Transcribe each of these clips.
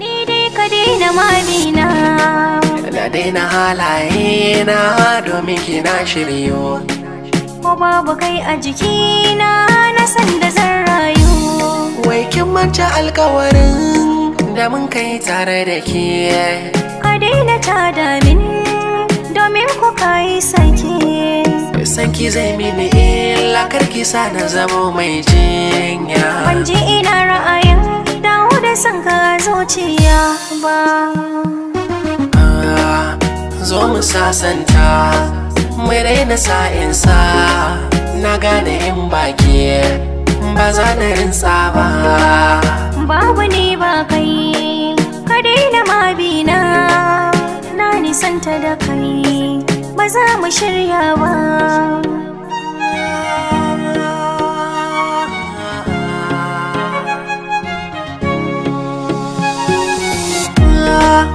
ni dai ka daina mamina na daina halayena domin kina shiryo ko babu kai a jikina na san da zan rayu wai kin manta alkawarin da mun kai tare da ke ka daina ta damin domin ku kai saki. sanki zai mini illa karki sa na zamo mai jinya ban ji ina ra'ayin sasanta mai raina sa na gane in baki ba za na rinsa ba babu ne ba kai ka daina ma bi na nisanta da kai ba za mu shirya ba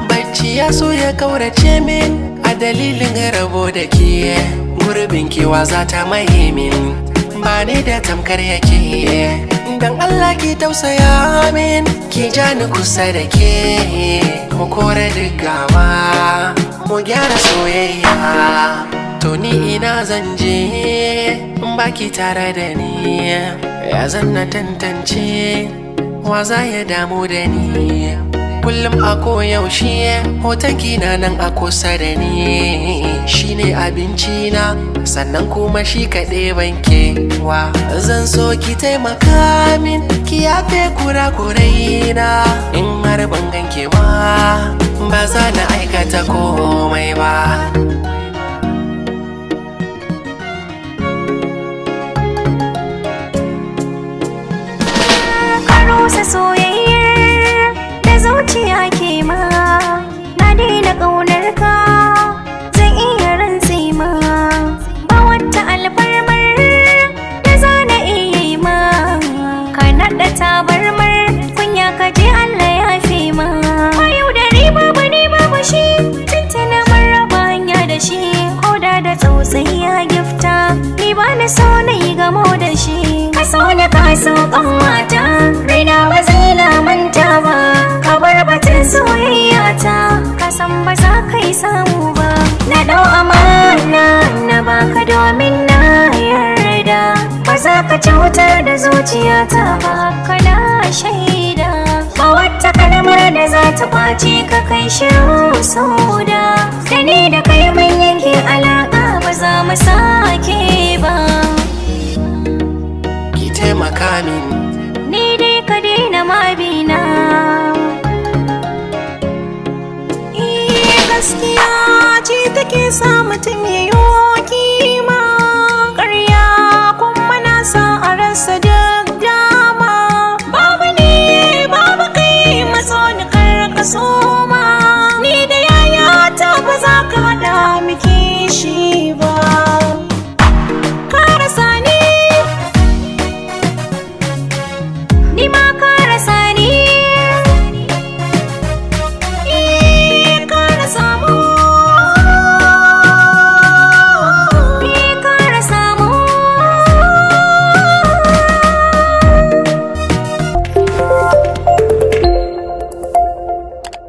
Bacci ya so ya kaurace min dalilin rabo da ke gurbin kewa za ta mahimin ba ne da tamkar yake dan Allah ki tausaya amin. ki ja ni kusa da ke mu kore gawa mu gyara soyayya to ni ina zan je baki tare da ni ya zanna tantance wa za ya damu da ni kullum a koyaushe hotonki na nan a kusa da ni shine abinci na sannan kuma shi kaɗai banke wa zan so ki taimaka min ki yafe kurakurai na in har ban ganke ba ba za na aikata komai ba wani so na yi gamo da shi ka so da ka so kan mata rina ba zai lamanta ba ka bar batun soyayya ta ka san ba za ka yi samu ba na dau amana na baka domin na yarda ba za ka cutar da zuciyata ba kana shaida ba wata kalmar da za ta kwace ka kai shiru sau da da ni da kai mun sa mutum ya yi